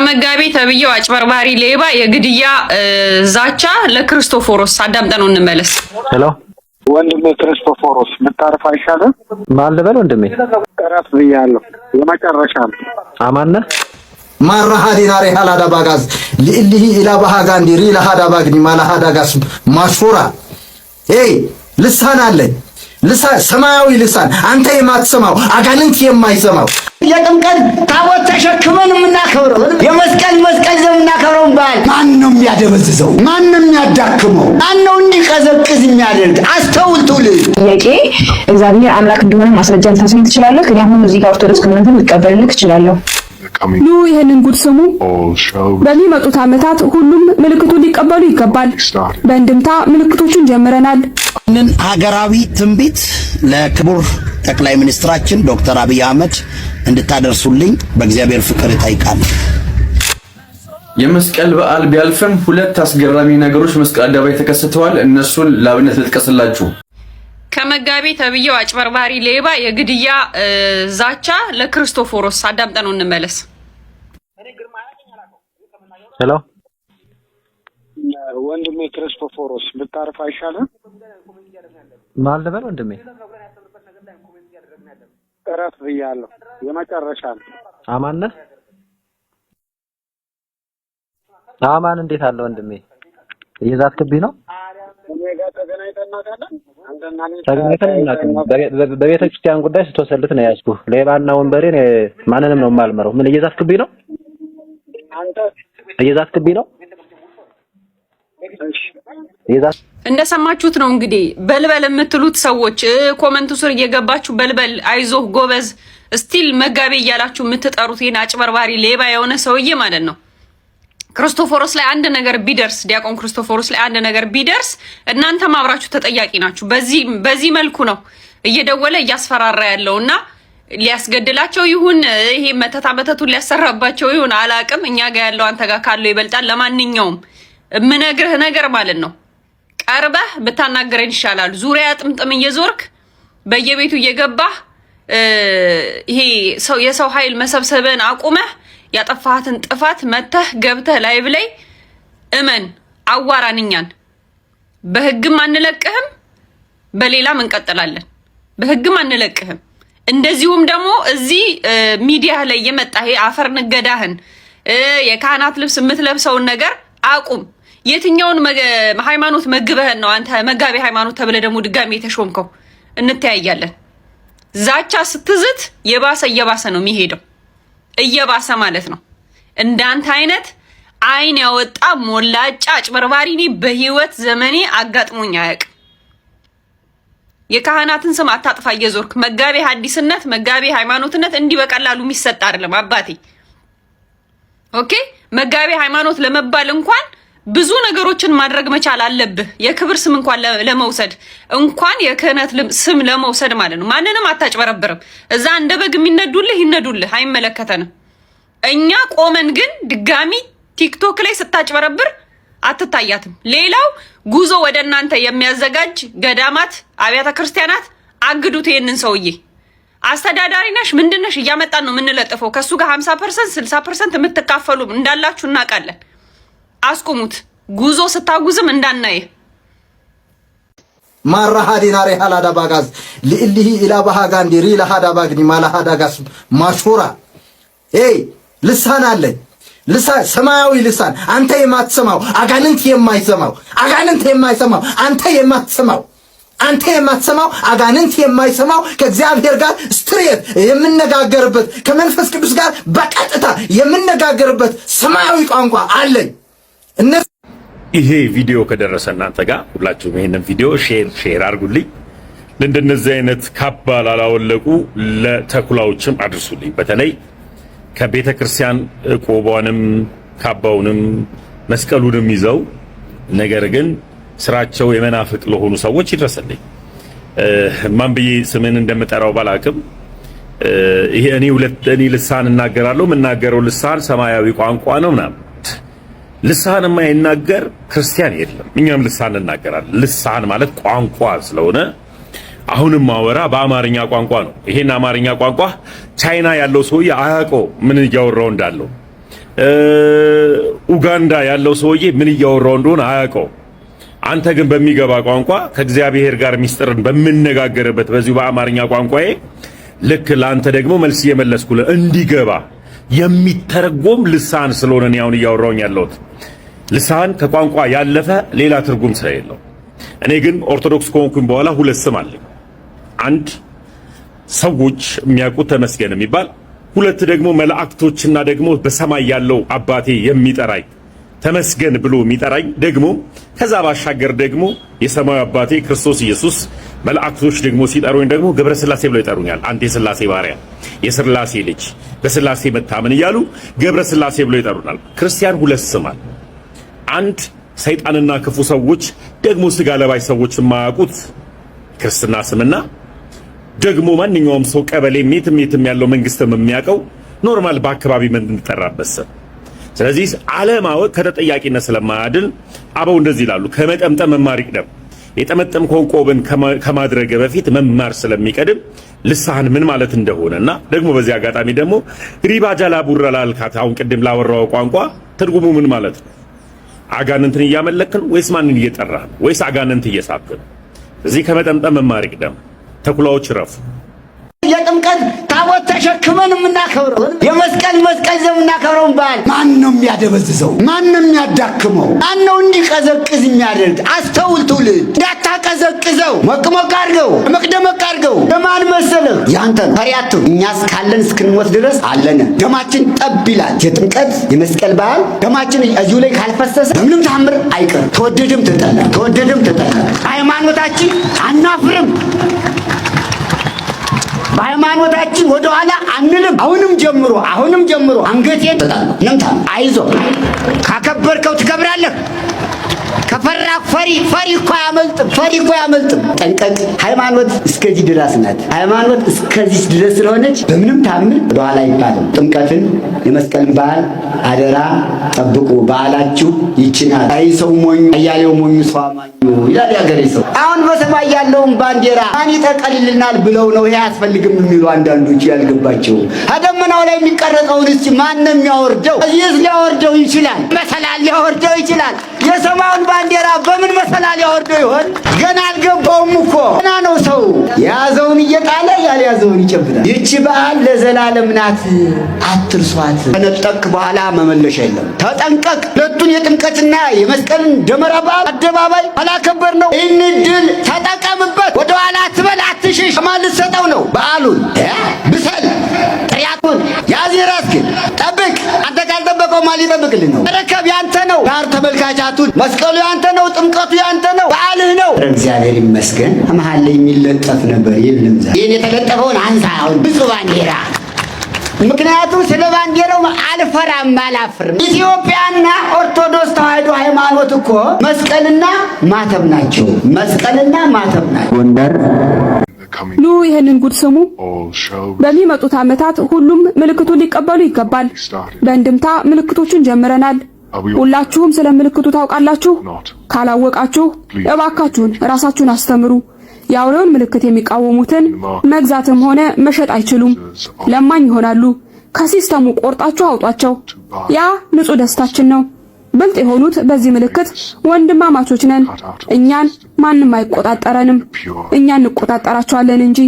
ከመጋቢ ተብዬው አጭበርባሪ ሌባ የግድያ ዛቻ ለክርስቶፎሮስ አዳምጠን እንመለስ። ሄሎ ወንድሜ ክርስቶፎሮስ ምታረፍ አይሻልም? ማን ልበል ወንድሜ? ቀረፍ ብያለሁ። የመጨረሻ ነው። አማን ነህ? ማራሃዲ ናሬ ሃላዳ ባጋዝ ሊኢሊሂ ኢላ ባሃጋ ሪላ ሃዳ ባግኒ ማላ ሃዳ ጋስ ኤይ ልሳን አለኝ ሰማያዊ ልሳን አንተ የማትሰማው አጋንንት የማይሰማው የጥምቀት ታቦት ተሸክመን የምናከብረው የመስቀል መስቀል ይዘን የምናከብረው በዓል ማን ነው የሚያደበዝዘው? ማን ነው የሚያዳክመው? ማን ነው እንዲቀዘቅዝ የሚያደርግ? አስተውል ትውልድ። ጥያቄ እግዚአብሔር አምላክ እንደሆነ ማስረጃ ልታስኝ ትችላለህ? እኔ አሁን እዚህ ጋር ኦርቶዶክስ ከሆነ ልቀበልልህ እችላለሁ። ኑ ይህንን ጉድ ስሙ። በሚመጡት ዓመታት ሁሉም ምልክቱን ሊቀበሉ ይገባል። በእንድምታ ምልክቶቹን ጀምረናል። ይህንን ሀገራዊ ትንቢት ለክቡር ጠቅላይ ሚኒስትራችን ዶክተር አብይ አህመድ እንድታደርሱልኝ በእግዚአብሔር ፍቅር ይጠይቃል። የመስቀል በዓል ቢያልፍም ሁለት አስገራሚ ነገሮች መስቀል አደባባይ ተከስተዋል። እነሱን ለአብነት ልጥቀስላችሁ። ከመጋቤ ተብዬው አጭበርባሪ ሌባ የግድያ ዛቻ ለክርስቶፎሮስ አዳምጠ ነው እንመለስ። ሄሎ ወንድሜ ክርስቶፎሮስ ብታርፍ አይሻልም? ማን ልበል ወንድሜ? እረፍ ብያለሁ። የመጨረሻ ነው። አማን ነህ? አማን እንዴት አለ ወንድሜ? የዛት ክቢ ነው ተገናኝተን እናውቅም። በቤተ ክርስቲያን ጉዳይ ስትወሰልት ነው ያዝኩህ። ሌባና ወንበዴን ማንንም ነው የማልምረው። ምን እየዛትክብኝ ነው? እየዛትክብኝ ነው? እንደሰማችሁት ነው እንግዲህ በልበል የምትሉት ሰዎች ኮመንቱ ስር እየገባችሁ በልበል፣ አይዞህ፣ ጎበዝ ስቲል መጋቤ እያላችሁ የምትጠሩት ይህን አጭበርባሪ ሌባ የሆነ ሰውዬ ማለት ነው። ክርስቶፎሮስ ላይ አንድ ነገር ቢደርስ ዲያቆን ክርስቶፎሮስ ላይ አንድ ነገር ቢደርስ እናንተም አብራችሁ ተጠያቂ ናችሁ። በዚህ በዚህ መልኩ ነው እየደወለ እያስፈራራ ያለው ሊያስገድላቸው ይሁን ይሄ መተታ መተቱን ሊያሰራባቸው ይሁን አላቅም። እኛ ጋር ያለው አንተ ጋር ካለው ይበልጣል። ለማንኛውም የምነግርህ ነገር ማለት ነው ቀርበህ ብታናገረን ይሻላል። ዙሪያ ጥምጥም እየዞርክ በየቤቱ እየገባህ ይሄ የሰው ኃይል መሰብሰብን አቁመህ ያጠፋሃትን ጥፋት መተህ ገብተህ ላይብ ላይ እመን፣ አዋራን። በህግም አንለቅህም፣ በሌላም እንቀጥላለን። በህግም አንለቅህም። እንደዚሁም ደግሞ እዚህ ሚዲያ ላይ የመጣ ይሄ አፈር ንገዳህን የካህናት ልብስ የምትለብሰውን ነገር አቁም። የትኛውን ሃይማኖት መግበህን ነው አንተ መጋቢ ሃይማኖት ተብለህ ደግሞ ድጋሚ የተሾምከው? እንተያያለን። ዛቻ ስትዝት የባሰ እየባሰ ነው የሚሄደው። እየባሰ ማለት ነው። እንዳንተ አይነት አይን ያወጣ ሞላጫ አጭበርባሪ እኔ በህይወት ዘመኔ አጋጥሞኝ አያውቅም። የካህናትን ስም አታጥፋ እየዞርክ መጋቤ ሐዲስነት መጋቤ ሃይማኖትነት እንዲህ በቀላሉ የሚሰጥ አይደለም አባቴ። ኦኬ መጋቤ ሃይማኖት ለመባል እንኳን ብዙ ነገሮችን ማድረግ መቻል አለብህ። የክብር ስም እንኳን ለመውሰድ እንኳን የክህነት ስም ለመውሰድ ማለት ነው። ማንንም አታጭበረብርም። እዛ እንደ በግ የሚነዱልህ ይነዱልህ፣ አይመለከተንም። እኛ ቆመን ግን ድጋሚ ቲክቶክ ላይ ስታጭበረብር አትታያትም። ሌላው ጉዞ ወደ እናንተ የሚያዘጋጅ ገዳማት፣ አብያተ ክርስቲያናት አግዱት ይህንን ሰውዬ። አስተዳዳሪ ነሽ ምንድነሽ እያመጣን ነው የምንለጥፈው። ከእሱ ጋር 50 ፐርሰንት 60 ፐርሰንት የምትካፈሉ እንዳላችሁ እናውቃለን። አስቁሙት። ጉዞ ስታጉዝም እንዳናይ ማራሃዲናሬ ሃላዳ ባጋዝ ልእልሂ ኢላ ባሃጋንዲ ሪላ ሃዳ ባግኒ ማላ ሃዳ ጋስ ማሹራ ኤይ ልሳን አለኝ ልሳን ሰማያዊ ልሳን አንተ የማትሰማው አጋንንት የማይሰማው አጋንንት የማይሰማው አንተ የማትሰማው አንተ የማትሰማው አጋንንት የማይሰማው ከእግዚአብሔር ጋር ስትሬት የምነጋገርበት ከመንፈስ ቅዱስ ጋር በቀጥታ የምነጋገርበት ሰማያዊ ቋንቋ አለኝ። ይሄ ቪዲዮ ከደረሰ እናንተ ጋር ሁላችሁም ይሄንን ቪዲዮ ሼር ሼር አድርጉልኝ። ለእንደነዚህ አይነት ካባ ላላወለቁ ለተኩላዎችም አድርሱልኝ። በተለይ ከቤተ ክርስቲያን ቆቧንም ካባውንም መስቀሉንም ይዘው ነገር ግን ስራቸው የመናፍቅ ለሆኑ ሰዎች ይድረሰልኝ። ማን ብዬ ስምን እንደምጠራው ባላቅም ይሄ እኔ ሁለት እኔ ልሳን እናገራለሁ። የምናገረው ልሳን ሰማያዊ ቋንቋ ነው ምናምን ልሳን የማይናገር ክርስቲያን የለም። እኛም ልሳን እንናገራለን። ልሳን ማለት ቋንቋ ስለሆነ አሁንም ማወራ በአማርኛ ቋንቋ ነው። ይሄን አማርኛ ቋንቋ ቻይና ያለው ሰውዬ አያውቀው ምን እያወራው እንዳለው፣ ኡጋንዳ ያለው ሰውዬ ምን እያወራው እንደሆነ አያውቀው። አንተ ግን በሚገባ ቋንቋ ከእግዚአብሔር ጋር ሚስጥርን በምነጋገርበት በዚሁ በአማርኛ ቋንቋዬ ልክ ለአንተ ደግሞ መልስ እየመለስኩልህ እንዲገባ የሚተረጎም ልሳን ስለሆነ እኔ አሁን እያወራሁኝ ያለሁት ልሳን ከቋንቋ ያለፈ ሌላ ትርጉም ስለሌለው፣ እኔ ግን ኦርቶዶክስ ከሆንኩኝ በኋላ ሁለት ስም አለኝ። አንድ ሰዎች የሚያውቁት ተመስገን የሚባል ሁለት ደግሞ መላእክቶችና ደግሞ በሰማይ ያለው አባቴ የሚጠራኝ ተመስገን ብሎ የሚጠራኝ ደግሞ ከዛ ባሻገር ደግሞ የሰማዩ አባቴ ክርስቶስ ኢየሱስ መላእክቶች ደግሞ ሲጠሩኝ ደግሞ ገብረ ስላሴ ብለው ይጠሩኛል። አንተ የስላሴ ባሪያ፣ የስላሴ ልጅ፣ በስላሴ መታመን እያሉ ገብረ ስላሴ ብሎ ይጠሩናል። ክርስቲያን ሁለት ስማል አንድ ሰይጣንና ክፉ ሰዎች ደግሞ ስጋ ለባይ ሰዎች የማያውቁት ክርስትና ስምና ደግሞ ማንኛውም ሰው ቀበሌ ሜትም ሜትም ያለው መንግስትም የሚያውቀው ኖርማል በአካባቢ ምን እንጠራበት ስም ስለዚህ አለማወቅ ከተጠያቂነት ስለማያድን አበው እንደዚህ ይላሉ፣ ከመጠምጠም መማር ይቅደም። የጠመጠምከውን ቆብን ከማድረግ በፊት መማር ስለሚቀድም ልሳን ምን ማለት እንደሆነ እና ደግሞ በዚህ አጋጣሚ ደግሞ ሪባ ጃላ ቡራ ላልካት አሁን ቅድም ላወራው ቋንቋ ትርጉሙ ምን ማለት ነው? አጋንንትን እያመለክን ወይስ ማንን እየጠራ ወይስ አጋንንት እየሳብክ ነው? እዚህ ከመጠምጠም መማር ይቅደም። ተኩላዎች ረፉ። የጥምቀት ታቦት ተሸክመን የምናከብረውን የመስቀል መስቀል ይዘን የምናከብረውን በዓል ማን ነው የሚያደበዝዘው? ማን ነው የሚያዳክመው? ማን ነው እንዲቀዘቅዝ የሚያደርግ? አስተውል ትውልድ እንዳታቀዘቅዘው። መቅመቅ አድርገው መቅደመቅ አድርገው ለማን መሰለህ? ያንተ ነው ፈሪያቱ። እኛስ ካለን እስክንሞት ድረስ አለን። ደማችን ጠብ ይላል። የጥምቀት የመስቀል በዓል ደማችን እዚሁ ላይ ካልፈሰሰ በምንም ታምር አይቀርም። ተወደድም ተጠላ፣ ተወደድም ተጠላ ሃይማኖታችን አናፍርም። በሃይማኖታችን ወደኋላ አንልም። አሁንም ጀምሮ አሁንም ጀምሮ አንገቴ አንገቴን ነምታ አይዞ ካከበርከው ትከብራለህ። ከፈራ ፈሪ ፈሪ እኮ አያመልጥም። ፈሪ እኮ አያመልጥም። ጠንቀቅ። ሃይማኖት እስከዚህ ድረስ ናት። ሃይማኖት እስከዚህ ድረስ ስለሆነች በምንም ታምር ወደኋላ አይባልም። ጥምቀትን፣ የመስቀልን በዓል አደራ ጠብቁ። በዓላችሁ ይችናል። አይ ሰው ሞኙ፣ አያሌው ሞኙ ሰው አማኙ ይላል ያገሬ ሰው። አሁን በሰማይ ያለውን ባንዲራ ማን ይጠቀልልናል ብለው ነው ይሄ አያስፈልግም የሚሉ አንዳንዶች ያልገባቸው። ከደመናው ላይ የሚቀረጸውን እስቲ ማን ነው የሚያወርደው? እዚህስ ሊያወርደው ይችላል፣ መሰላል ሊያወርደው ይችላል። የሰማዩን ባንዲራ በምን መሰላል ሊያወርደው ይሆን? ገና አልገባውም እኮ ገና ነው። ሰው የያዘውን እየጣለ ያልያዘውን ይጨብጣል። ይቺ በዓል ለዘላለም ናት፣ አትርሷት። ከነጠቅ በኋላ መመለሻ የለም። ተጠንቀቅ። ሁለቱን የጥምቀትና የመስቀልን ደመራ በዓል አደባባይ እያከበር ነው። ይህን ድል ተጠቀምበት። ወደ ኋላ አትበል፣ አትሽሽ። ማን ልትሰጠው ነው በዓሉን? ብሰል ጥሪያቱን ያዝ፣ ራስህን ጠብቅ። አንተ ካልጠበቀው ማን ሊጠብቅልህ ነው? መረከብ ያንተ ነው። ጋር ተመልካቻቱን መስቀሉ ያንተ ነው። ጥምቀቱ ያንተ ነው። በዓልህ ነው። እግዚአብሔር ይመስገን። መሀል ላይ የሚለጠፍ ነበር የለም። ይህን የተለጠፈውን አንሳ። አሁን ብፁባን ሄራ ምክንያቱም ስለ ባንዲራው አልፈራም፣ አላፍርም። ኢትዮጵያና ኦርቶዶክስ ተዋህዶ ሃይማኖት እኮ መስቀልና ማተብ ናቸው። መስቀልና ማተብ ናቸው። ጎንደር ኑ ይህንን ጉድ ስሙ። በሚመጡት ዓመታት ሁሉም ምልክቱን ሊቀበሉ ይገባል። በእንድምታ ምልክቶቹን ጀምረናል። ሁላችሁም ስለ ምልክቱ ታውቃላችሁ። ካላወቃችሁ እባካችሁን ራሳችሁን አስተምሩ። የአውሬውን ምልክት የሚቃወሙትን መግዛትም ሆነ መሸጥ አይችሉም፣ ለማኝ ይሆናሉ። ከሲስተሙ ቆርጣችሁ አውጧቸው። ያ ንጹህ ደስታችን ነው። ብልጥ የሆኑት በዚህ ምልክት ወንድማማቾች ነን። እኛን ማንም አይቆጣጠረንም፣ እኛ እንቆጣጠራቸዋለን እንጂ።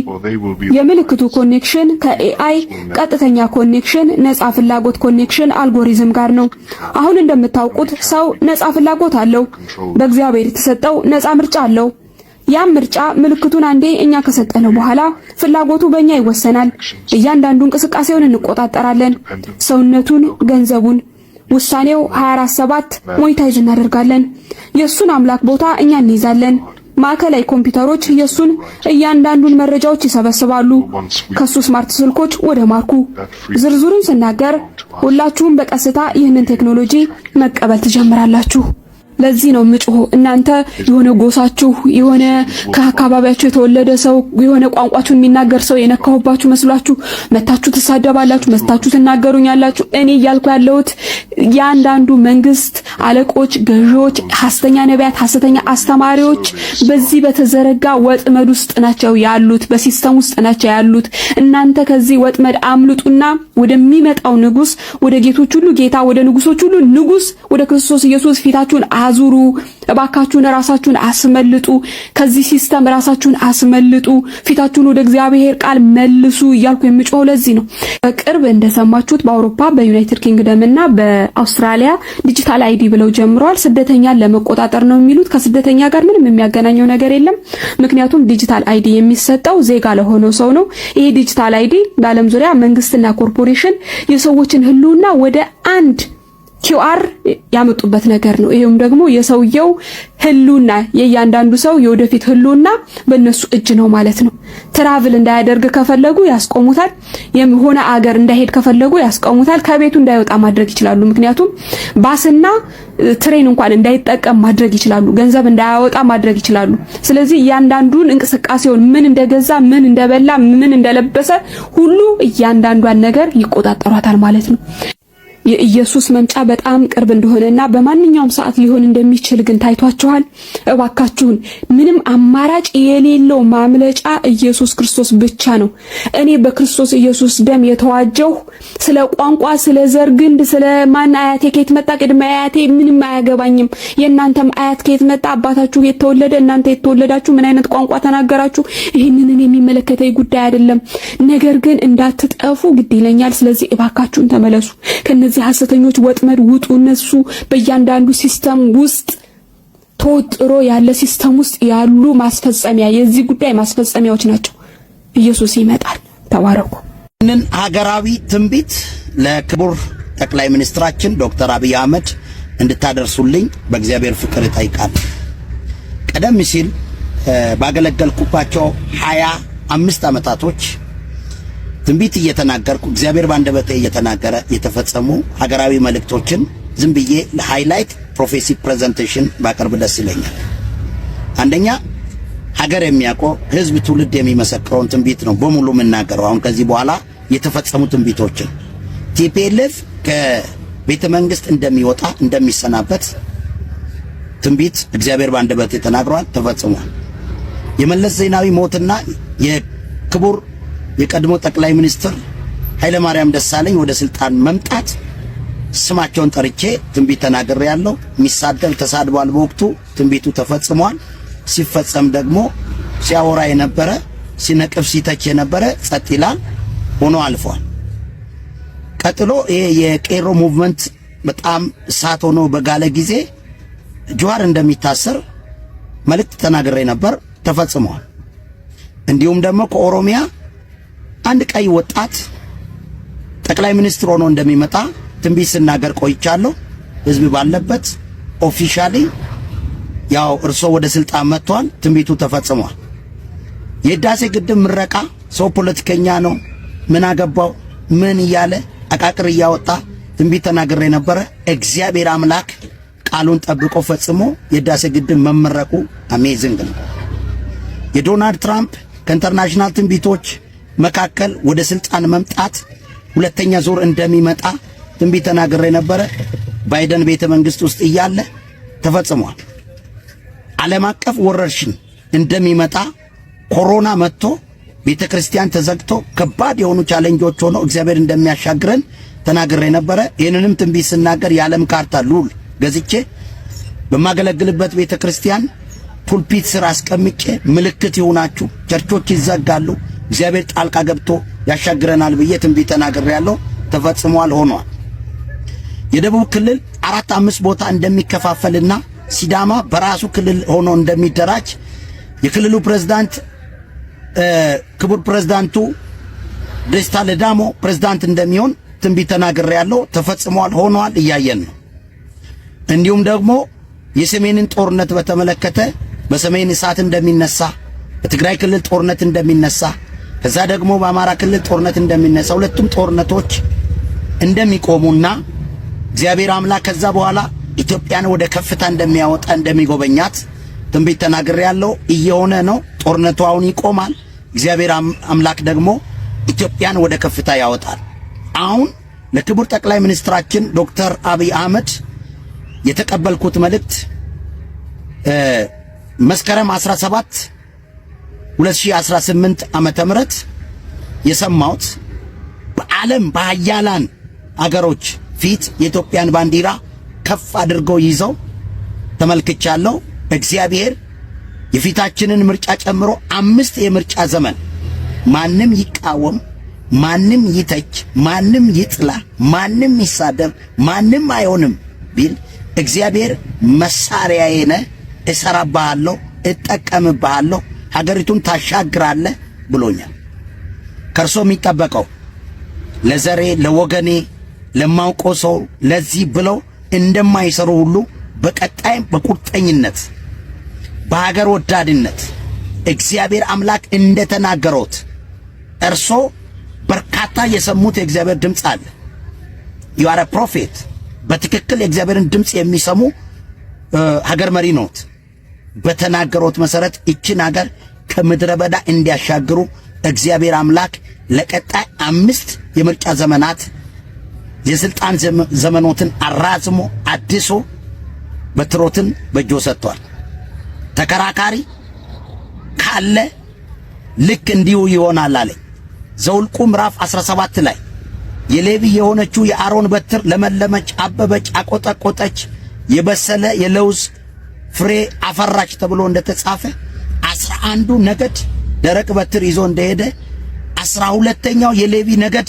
የምልክቱ ኮኔክሽን ከኤአይ ቀጥተኛ ኮኔክሽን ነጻ ፍላጎት ኮኔክሽን አልጎሪዝም ጋር ነው። አሁን እንደምታውቁት ሰው ነጻ ፍላጎት አለው። በእግዚአብሔር የተሰጠው ነጻ ምርጫ አለው። ያም ምርጫ ምልክቱን አንዴ እኛ ከሰጠነው በኋላ ፍላጎቱ በእኛ ይወሰናል። እያንዳንዱ እንቅስቃሴውን እንቆጣጠራለን። ሰውነቱን፣ ገንዘቡን ውሳኔው 247 ሞኒታይዝ እናደርጋለን። የሱን አምላክ ቦታ እኛ እንይዛለን። ማዕከላዊ ኮምፒውተሮች የሱን እያንዳንዱን መረጃዎች ይሰበስባሉ፣ ከሱ ስማርት ስልኮች ወደ ማርኩ። ዝርዝሩን ስናገር ሁላችሁም በቀስታ ይህንን ቴክኖሎጂ መቀበል ትጀምራላችሁ። ለዚህ ነው ምጮሆ እናንተ የሆነ ጎሳችሁ የሆነ ከአካባቢያችሁ የተወለደ ሰው የሆነ ቋንቋችሁን የሚናገር ሰው የነካሁባችሁ መስሏችሁ መታችሁ ትሳደባላችሁ፣ መታችሁ ትናገሩኛላችሁ። እኔ እያልኩ ያለሁት ያንዳንዱ መንግስት አለቆች፣ ገዢዎች፣ ሐሰተኛ ነቢያት፣ ሐሰተኛ አስተማሪዎች በዚህ በተዘረጋ ወጥመድ ውስጥ ናቸው ያሉት፣ በሲስተም ውስጥ ናቸው ያሉት። እናንተ ከዚህ ወጥመድ አምልጡና ወደሚመጣው ንጉስ፣ ወደ ጌቶች ሁሉ ጌታ፣ ወደ ንጉሶች ሁሉ ንጉስ፣ ወደ ክርስቶስ ኢየሱስ ፊታችሁን አዙሩ፣ እባካችሁን ራሳችሁን አስመልጡ፣ ከዚህ ሲስተም ራሳችሁን አስመልጡ፣ ፊታችሁን ወደ እግዚአብሔር ቃል መልሱ እያልኩ የምጮኸው ለዚህ ነው። በቅርብ እንደሰማችሁት በአውሮፓ በዩናይትድ ኪንግደም እና በአውስትራሊያ ዲጂታል አይዲ ብለው ጀምረዋል። ስደተኛን ለመቆጣጠር ነው የሚሉት። ከስደተኛ ጋር ምንም የሚያገናኘው ነገር የለም። ምክንያቱም ዲጂታል አይዲ የሚሰጠው ዜጋ ለሆነው ሰው ነው። ይሄ ዲጂታል አይዲ በዓለም ዙሪያ መንግስትና ኮርፖሬሽን የሰዎችን ህልውና ወደ አንድ ኪውአር ያመጡበት ነገር ነው። ይሄም ደግሞ የሰውየው ህልውና የእያንዳንዱ ሰው የወደፊት ህልውና በእነሱ እጅ ነው ማለት ነው። ትራቭል እንዳያደርግ ከፈለጉ ያስቆሙታል። የሆነ አገር እንዳይሄድ ከፈለጉ ያስቆሙታል። ከቤቱ እንዳይወጣ ማድረግ ይችላሉ። ምክንያቱም ባስና ትሬን እንኳን እንዳይጠቀም ማድረግ ይችላሉ። ገንዘብ እንዳያወጣ ማድረግ ይችላሉ። ስለዚህ እያንዳንዱን እንቅስቃሴውን ምን እንደገዛ፣ ምን እንደበላ፣ ምን እንደለበሰ ሁሉ እያንዳንዷን ነገር ይቆጣጠሯታል ማለት ነው። የኢየሱስ መምጫ በጣም ቅርብ እንደሆነና በማንኛውም ሰዓት ሊሆን እንደሚችል ግን ታይቷችኋል። እባካችሁን ምንም አማራጭ የሌለው ማምለጫ ኢየሱስ ክርስቶስ ብቻ ነው። እኔ በክርስቶስ ኢየሱስ ደም የተዋጀሁ ስለ ቋንቋ፣ ስለ ዘር ግንድ፣ ስለ ማን አያቴ ከየት መጣ ቅድመ አያቴ ምንም አያገባኝም። የእናንተም አያት ከየት መጣ አባታችሁ የተወለደ እናንተ የተወለዳችሁ ምን አይነት ቋንቋ ተናገራችሁ፣ ይህንን የሚመለከተኝ ጉዳይ አይደለም። ነገር ግን እንዳትጠፉ ግድ ይለኛል። ስለዚህ እባካችሁን ተመለሱ ከነ ከነዚህ ሐሰተኞች ወጥመድ ውጡ። እነሱ በእያንዳንዱ ሲስተም ውስጥ ተወጥሮ ያለ ሲስተም ውስጥ ያሉ ማስፈጸሚያ የዚህ ጉዳይ ማስፈጸሚያዎች ናቸው። ኢየሱስ ይመጣል። ተባረኩ። ይህንን ሀገራዊ ትንቢት ለክቡር ጠቅላይ ሚኒስትራችን ዶክተር አብይ አህመድ እንድታደርሱልኝ በእግዚአብሔር ፍቅር ይጠይቃል። ቀደም ሲል ባገለገልኩባቸው ሀያ አምስት ዓመታቶች ትንቢት እየተናገርኩ እግዚአብሔር ባንደበቴ እየተናገረ የተፈጸሙ ሀገራዊ መልእክቶችን ዝም ብዬ ለሃይላይት ፕሮፌሲ ፕሬዘንቴሽን ባቀርብ ደስ ይለኛል። አንደኛ ሀገር የሚያውቀው ህዝብ፣ ትውልድ የሚመሰክረውን ትንቢት ነው በሙሉ የምናገረው። አሁን ከዚህ በኋላ የተፈጸሙ ትንቢቶችን ቲፒኤልኤፍ ከቤተ መንግስት እንደሚወጣ እንደሚሰናበት ትንቢት እግዚአብሔር ባንደበቴ ተናግሯል፣ ተፈጽሟል። የመለስ ዜናዊ ሞትና የክቡር የቀድሞ ጠቅላይ ሚኒስትር ኃይለማርያም ደሳለኝ ወደ ስልጣን መምጣት ስማቸውን ጠርቼ ትንቢት ተናግሬ ያለው የሚሳደብ ተሳድቧል። በወቅቱ ትንቢቱ ተፈጽሟል። ሲፈጸም ደግሞ ሲያወራ የነበረ ሲነቅፍ ሲተች የነበረ ጸጥ ይላል ሆኖ አልፏል። ቀጥሎ ይሄ የቄሮ ሙቭመንት በጣም እሳት ሆኖ በጋለ ጊዜ ጁሃር እንደሚታሰር መልእክት ተናግሬ ነበር። ተፈጽመዋል። እንዲሁም ደግሞ ከኦሮሚያ አንድ ቀይ ወጣት ጠቅላይ ሚኒስትር ሆኖ እንደሚመጣ ትንቢት ስናገር ቆይቻለሁ። ህዝብ ባለበት ኦፊሻሊ ያው እርሶ ወደ ስልጣን መጥቷል። ትንቢቱ ተፈጽሟል። የህዳሴ ግድብ ምረቃ ሰው ፖለቲከኛ ነው፣ ምን አገባው ምን እያለ አቃቅር እያወጣ ትንቢት ተናግሬ ነበረ። እግዚአብሔር አምላክ ቃሉን ጠብቆ ፈጽሞ የህዳሴ ግድብ መመረቁ አሜዚንግ ነው። የዶናልድ ትራምፕ ከኢንተርናሽናል ትንቢቶች መካከል ወደ ስልጣን መምጣት ሁለተኛ ዙር እንደሚመጣ ትንቢት ተናግሬ ነበረ። ባይደን ቤተ መንግስት ውስጥ እያለ ተፈጽሟል። ዓለም አቀፍ ወረርሽኝ እንደሚመጣ ኮሮና መጥቶ ቤተ ክርስቲያን ተዘግቶ ከባድ የሆኑ ቻሌንጆች ሆኖ እግዚአብሔር እንደሚያሻግረን ተናግሬ ነበረ። ይህንንም ትንቢት ስናገር የዓለም ካርታ ሉል ገዝቼ በማገለግልበት ቤተ ክርስቲያን ፑልፒት ስር አስቀምጬ ምልክት ይሆናችሁ ቸርቾች ይዘጋሉ እግዚአብሔር ጣልቃ ገብቶ ያሻግረናል ብዬ ትንቢት ያለው ተፈጽሟል፣ ሆኗል። የደቡብ ክልል አራት አምስት ቦታ እንደሚከፋፈልና ሲዳማ በራሱ ክልል ሆኖ እንደሚደራጅ የክልሉ ፕሬዝዳንት ክቡር ፕሬዝዳንቱ ደስታ ለዳሞ ፕሬዝዳንት እንደሚሆን ትንቢት ያለው ተፈጽሟል፣ ሆኗል፣ እያየን ነው። እንዲሁም ደግሞ የሰሜንን ጦርነት በተመለከተ በሰሜን እሳት እንደሚነሳ በትግራይ ክልል ጦርነት እንደሚነሳ ከዛ ደግሞ በአማራ ክልል ጦርነት እንደሚነሳ ሁለቱም ጦርነቶች እንደሚቆሙና እግዚአብሔር አምላክ ከዛ በኋላ ኢትዮጵያን ወደ ከፍታ እንደሚያወጣ እንደሚጎበኛት ትንቢት ተናግሬ ያለው እየሆነ ነው። ጦርነቱ አሁን ይቆማል። እግዚአብሔር አምላክ ደግሞ ኢትዮጵያን ወደ ከፍታ ያወጣል። አሁን ለክቡር ጠቅላይ ሚኒስትራችን ዶክተር አብይ አህመድ የተቀበልኩት መልእክት መስከረም 17 2018 ዓመተ ምህረት የሰማሁት በዓለም በአያላን አገሮች ፊት የኢትዮጵያን ባንዲራ ከፍ አድርገው ይዘው ተመልክቻለሁ። እግዚአብሔር የፊታችንን ምርጫ ጨምሮ አምስት የምርጫ ዘመን ማንም ይቃወም፣ ማንም ይተች፣ ማንም ይጥላ፣ ማንም ይሳደብ፣ ማንም አይሆንም ቢል እግዚአብሔር መሳሪያዬ ነህ፣ እሰራብሃለሁ፣ እጠቀምብሃለሁ ሀገሪቱን ታሻግራለህ ብሎኛል። ከእርሶ የሚጠበቀው ለዘሬ፣ ለወገኔ፣ ለማውቀው ሰው ለዚህ ብለው እንደማይሰሩ ሁሉ በቀጣይም በቁርጠኝነት በሀገር ወዳድነት እግዚአብሔር አምላክ እንደተናገሮት እርሶ በርካታ የሰሙት የእግዚአብሔር ድምፅ አለ። ዩ ፕሮፌት። በትክክል የእግዚአብሔርን ድምፅ የሚሰሙ ሀገር መሪ ነዎት። በተናገሩት መሰረት እችን አገር ከምድረ በዳ እንዲያሻግሩ እግዚአብሔር አምላክ ለቀጣይ አምስት የምርጫ ዘመናት የስልጣን ዘመኖትን አራዝሞ አድሶ በትሮትን በእጆ ሰጥቷል። ተከራካሪ ካለ ልክ እንዲሁ ይሆናል አለኝ። ዘውልቁ ምዕራፍ 17 ላይ የሌቢ የሆነችው የአሮን በትር ለመለመች፣ አበበች፣ አቆጠቆጠች የበሰለ የለውዝ ፍሬ አፈራች ተብሎ እንደተጻፈ አስራ አንዱ ነገድ ደረቅ በትር ይዞ እንደሄደ አስራ ሁለተኛው የሌቪ ነገድ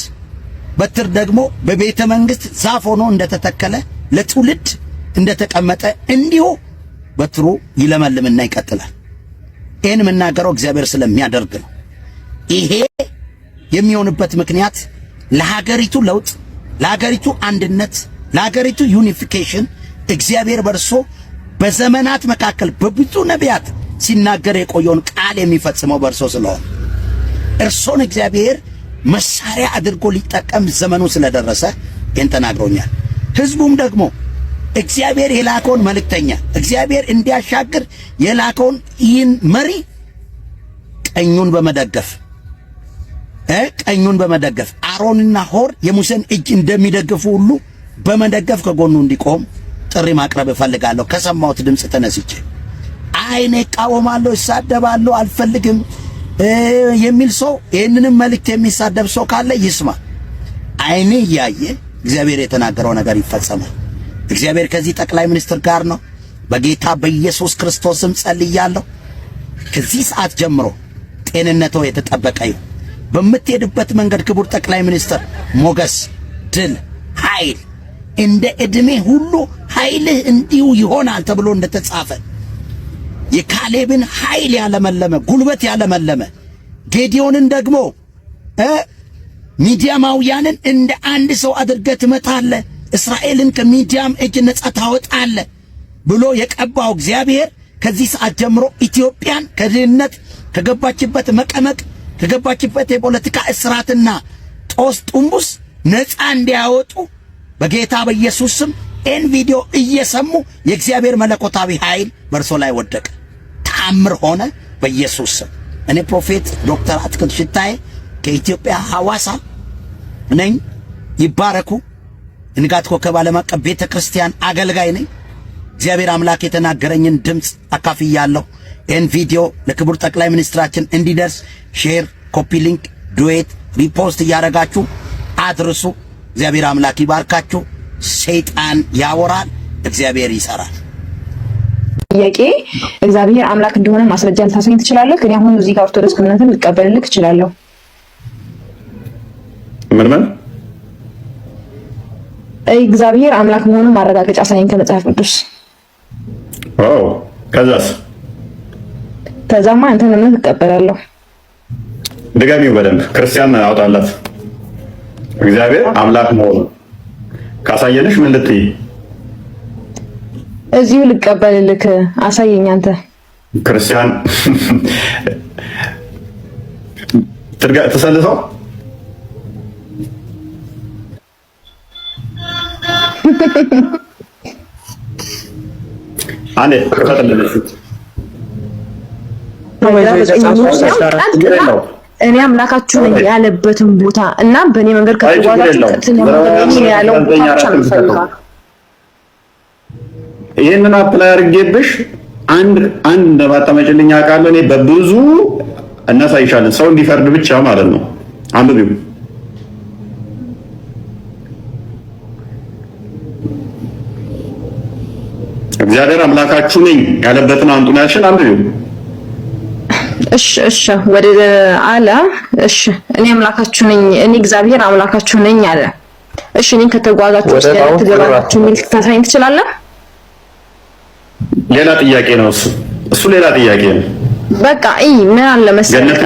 በትር ደግሞ በቤተ መንግስት ዛፍ ሆኖ እንደተተከለ ለትውልድ እንደተቀመጠ እንዲሁ በትሩ ይለመልምና ይቀጥላል። ይህን የምናገረው እግዚአብሔር ስለሚያደርግ ነው። ይሄ የሚሆንበት ምክንያት ለሀገሪቱ ለውጥ፣ ለሀገሪቱ አንድነት፣ ለሀገሪቱ ዩኒፊኬሽን እግዚአብሔር በርሶ በዘመናት መካከል በብዙ ነቢያት ሲናገር የቆየውን ቃል የሚፈጽመው በእርሶ ስለሆነ እርሶን እግዚአብሔር መሳሪያ አድርጎ ሊጠቀም ዘመኑ ስለደረሰ ይህን ተናግሮኛል። ህዝቡም ደግሞ እግዚአብሔር የላከውን መልእክተኛ እግዚአብሔር እንዲያሻግር የላከውን ይህን መሪ ቀኙን በመደገፍ ቀኙን በመደገፍ አሮንና ሆር የሙሴን እጅ እንደሚደግፉ ሁሉ በመደገፍ ከጎኑ እንዲቆም ጥሪ ማቅረብ እፈልጋለሁ። ከሰማሁት ድምፅ ተነስቼ አይኔ እቃወማለሁ፣ ይሳደባለሁ አልፈልግም የሚል ሰው ይህንንም መልእክት የሚሳደብ ሰው ካለ ይስማ። አይኔ እያየ እግዚአብሔር የተናገረው ነገር ይፈጸማል። እግዚአብሔር ከዚህ ጠቅላይ ሚኒስትር ጋር ነው። በጌታ በኢየሱስ ክርስቶስም ጸልያለሁ። ከዚህ ሰዓት ጀምሮ ጤንነቶ የተጠበቀ ይሁን። በምትሄድበት መንገድ ክቡር ጠቅላይ ሚኒስትር ሞገስ፣ ድል፣ ኃይል እንደ ዕድሜ ሁሉ ኃይልህ እንዲሁ ይሆናል ተብሎ እንደተጻፈ የካሌብን ኃይል ያለመለመ ጉልበት ያለመለመ ጌዲዮንን ደግሞ ሚዲያማውያንን እንደ አንድ ሰው አድርገህ ትመታለህ፣ እስራኤልን ከሚዲያም እጅ ነጻ ታወጣለህ ብሎ የቀባው እግዚአብሔር ከዚህ ሰዓት ጀምሮ ኢትዮጵያን ከድህነት ከገባችበት መቀመቅ ከገባችበት የፖለቲካ እስራትና ጦስ ጡምቡስ ነፃ እንዲያወጡ በጌታ በኢየሱስ ስም ኤን ቪዲዮ እየሰሙ የእግዚአብሔር መለኮታዊ ኃይል በእርሶ ላይ ወደቀ፣ ተአምር ሆነ በኢየሱስ ስም። እኔ ፕሮፌት ዶክተር አትክልት ሽታዬ ከኢትዮጵያ ሐዋሳ ነኝ። ይባረኩ። ንጋት ኮከብ ዓለም አቀፍ ቤተ ክርስቲያን አገልጋይ ነኝ። እግዚአብሔር አምላክ የተናገረኝን ድምፅ አካፍያለሁ። ይህን ቪዲዮ ለክቡር ጠቅላይ ሚኒስትራችን እንዲደርስ ሼር፣ ኮፒ ሊንክ፣ ዱዌት፣ ሪፖስት እያደረጋችሁ አድርሱ። እግዚአብሔር አምላክ ይባርካችሁ። ሰይጣን ያወራል፣ እግዚአብሔር ይሰራል። ጥያቄ እግዚአብሔር አምላክ እንደሆነ ማስረጃ ልታሳኝ ትችላለህ? ግን አሁን እዚህ ጋር ኦርቶዶክስ እምነትን ልቀበልልህ እችላለሁ። ምን እግዚአብሔር አምላክ መሆኑን ማረጋገጫ ሳይን ከመጽሐፍ ቅዱስ ከዛስ ከዛማ አንተን እምነት እቀበላለሁ። ድጋሚው በደንብ ክርስቲያን አውጣላት እግዚአብሔር አምላክ መሆኑን ካሳየንሽ ምን ልትይ? እዚሁ ልቀበልልክ። አሳየኝ አንተ ክርስቲያን ትርጋ ተሰልሰው አንዴ ነው እኔ አምላካችሁ ነኝ ያለበትን ቦታ እና በእኔ መንገድ ከተጓዛችሁ ይህንን አፕላይ አድርጌብሽ አንድ አንድ እንደማጠመጭልኝ አውቃለሁ። እኔ በብዙ እናሳይሻለን። ሰው እንዲፈርድ ብቻ ማለት ነው። አንብቢው እግዚአብሔር አምላካችሁ ነኝ ያለበትን አንጡን ያልሽን አንብቢው እሺ እሺ ወደ አለ እሺ እኔ አምላካችሁ ነኝ እኔ እግዚአብሔር አምላካችሁ ነኝ አለ። እሺ እኔ ከተጓዛችሁ ውስጥ ያለ ትገባላችሁ የሚል ታሳይኝ ትችላለህ? ሌላ ጥያቄ ነው እሱ እሱ ሌላ ጥያቄ ነው። በቃ እይ ምን አለ መሰለህ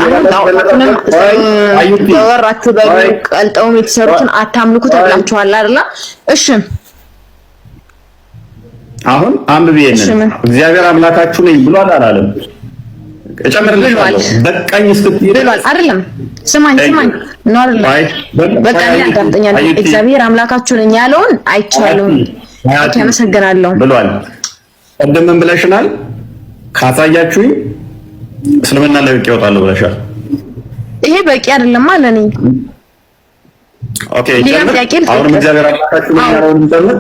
ተወር አትበሉ፣ ቀልጠውም የተሰሩትን አታምልኩ ተብላችኋል አይደለ? እሺ አሁን አንብቤ ነኝ እግዚአብሔር አምላካችሁ ነኝ ብሏል አላለም? እጨምርልሻለሁ። በቃኝ እስክትይ ብሏል። አይደለም ስማኝ፣ ስማኝ እግዚአብሔር አምላካችሁን እኛ ያለውን አይቻለሁ። ያመሰግናለሁ ብሏል። እንደምን ብለሽናል? ካሳያችሁኝ እስልምና ለቅቄ እወጣለሁ ብለሻል። ይሄ በቂ አይደለም አለ እኔ ኦኬ አሁንም እግዚአብሔር አምላካችሁ ምን ያለውን እንጨምር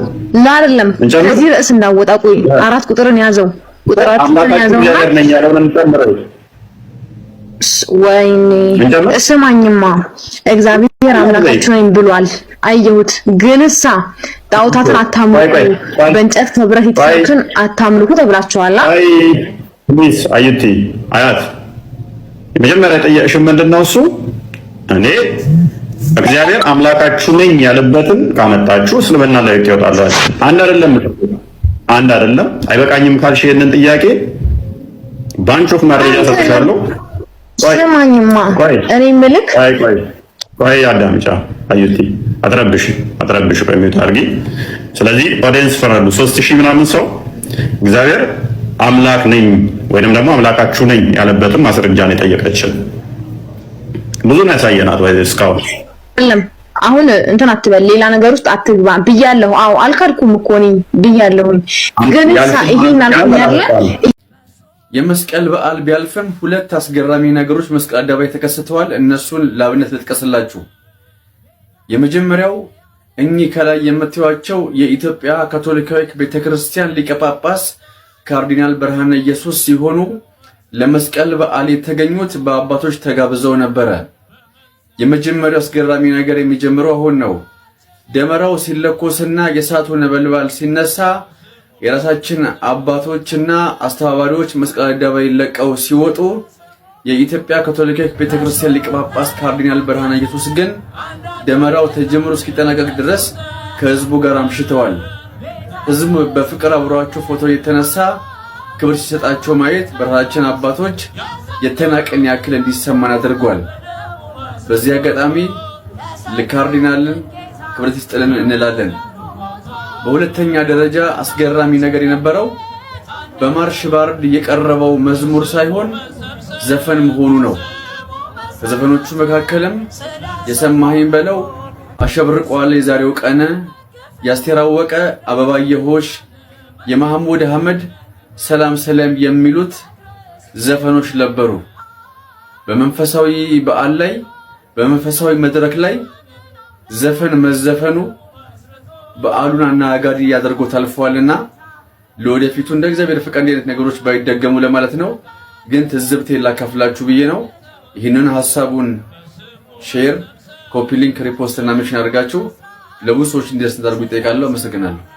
አይደለም። እዚህ ርዕስ እንዳወጣ ቆይ፣ አራት ቁጥርን ያዘው ቁጥራችሁን ያዘውና ወይኔ እስማኝማ እግዚአብሔር አምላካችሁ ነኝ ብሏል። አየሁት። ግንሳ ጣዖታትን አታምልኩ፣ በእንጨት ከብረት የተሰሩትን አታምልኩ ተብላችኋል። ሚስ አዩቲ አያት የመጀመሪያ ጠየቅሽን ምንድን ነው እሱ እኔ እግዚአብሔር አምላካችሁ ነኝ ያለበትን ካመጣችሁ እስልምና ላይ ይወጣላችሁ። አንድ አይደለም አንድ አይደለም። አይበቃኝም ካልሽ ይሄንን ጥያቄ ባንች ኦፍ መረጃ ሰጥቻለሁ። ስማኝማ እኔ ምልክ ቆይ ቆይ ቆይ አዳምጫ አዩቲ አትረብሽ አትረብሽ ቆይ ሚውት አድርጊ። ስለዚህ ኦዲየንስ ፈራሉ 3000 ምናምን ሰው እግዚአብሔር አምላክ ነኝ ወይንም ደግሞ አምላካችሁ ነኝ ያለበትም ማስረጃ ነው የጠየቀችን። ብዙ ነው ያሳየናት ወይ እስካሁን አሁን እንትን አትበል፣ ሌላ ነገር ውስጥ አትግባ ብያለሁ። አዎ አልካድኩም እኮ እኔ ብያለሁኝ። ግን ይሄን አልኩኛለ። የመስቀል በዓል ቢያልፍም ሁለት አስገራሚ ነገሮች መስቀል አደባባይ ተከስተዋል። እነሱን ለአብነት ልጥቀስላችሁ። የመጀመሪያው እኚህ ከላይ የምታዩቸው የኢትዮጵያ ካቶሊካዊት ቤተክርስቲያን ሊቀ ጳጳስ ካርዲናል ብርሃነ ኢየሱስ ሲሆኑ ለመስቀል በዓል የተገኙት በአባቶች ተጋብዘው ነበረ። የመጀመሪያው አስገራሚ ነገር የሚጀምረው አሁን ነው። ደመራው ሲለኮስና የእሳቱ ነበልባል ሲነሳ የራሳችን አባቶችና አስተባባሪዎች መስቀል አደባባይ ለቀው ሲወጡ የኢትዮጵያ ካቶሊካዊት ቤተክርስቲያን ሊቀ ጳጳስ ካርዲናል ብርሃነ ኢየሱስ ግን ደመራው ተጀምሮ እስኪጠናቀቅ ድረስ ከህዝቡ ጋር አምሽተዋል። ህዝቡ በፍቅር አብሯቸው ፎቶ እየተነሳ ክብር ሲሰጣቸው ማየት በራሳችን አባቶች የተናቀን ያክል እንዲሰማን አድርጓል። በዚህ አጋጣሚ ለካርዲናልን ክብረት ይስጥልን እንላለን። በሁለተኛ ደረጃ አስገራሚ ነገር የነበረው በማርሽ ባርድ የቀረበው መዝሙር ሳይሆን ዘፈን መሆኑ ነው። ከዘፈኖቹ መካከልም የሰማኸኝ በለው፣ አሸብርቋል የዛሬው ቀን፣ ያስቴራወቀ አበባየሆሽ፣ የማህሙድ አህመድ፣ ሰላም ሰላም የሚሉት ዘፈኖች ነበሩ። በመንፈሳዊ በዓል ላይ በመንፈሳዊ መድረክ ላይ ዘፈን መዘፈኑ በዓሉን አናጋሪ ያደርጎ ታልፈዋልና ለወደፊቱ እንደ እግዚአብሔር ፍቃድ እንዲህ አይነት ነገሮች ባይደገሙ ለማለት ነው። ግን ትዝብቴ ላካፍላችሁ ብዬ ነው። ይህንን ሀሳቡን ሼር፣ ኮፒ ሊንክ፣ ሪፖስት እና ሜሽን አድርጋችሁ ለብዙ ሰዎች እንዲደርስ ታደርጉ ይጠይቃለሁ። አመሰግናለሁ።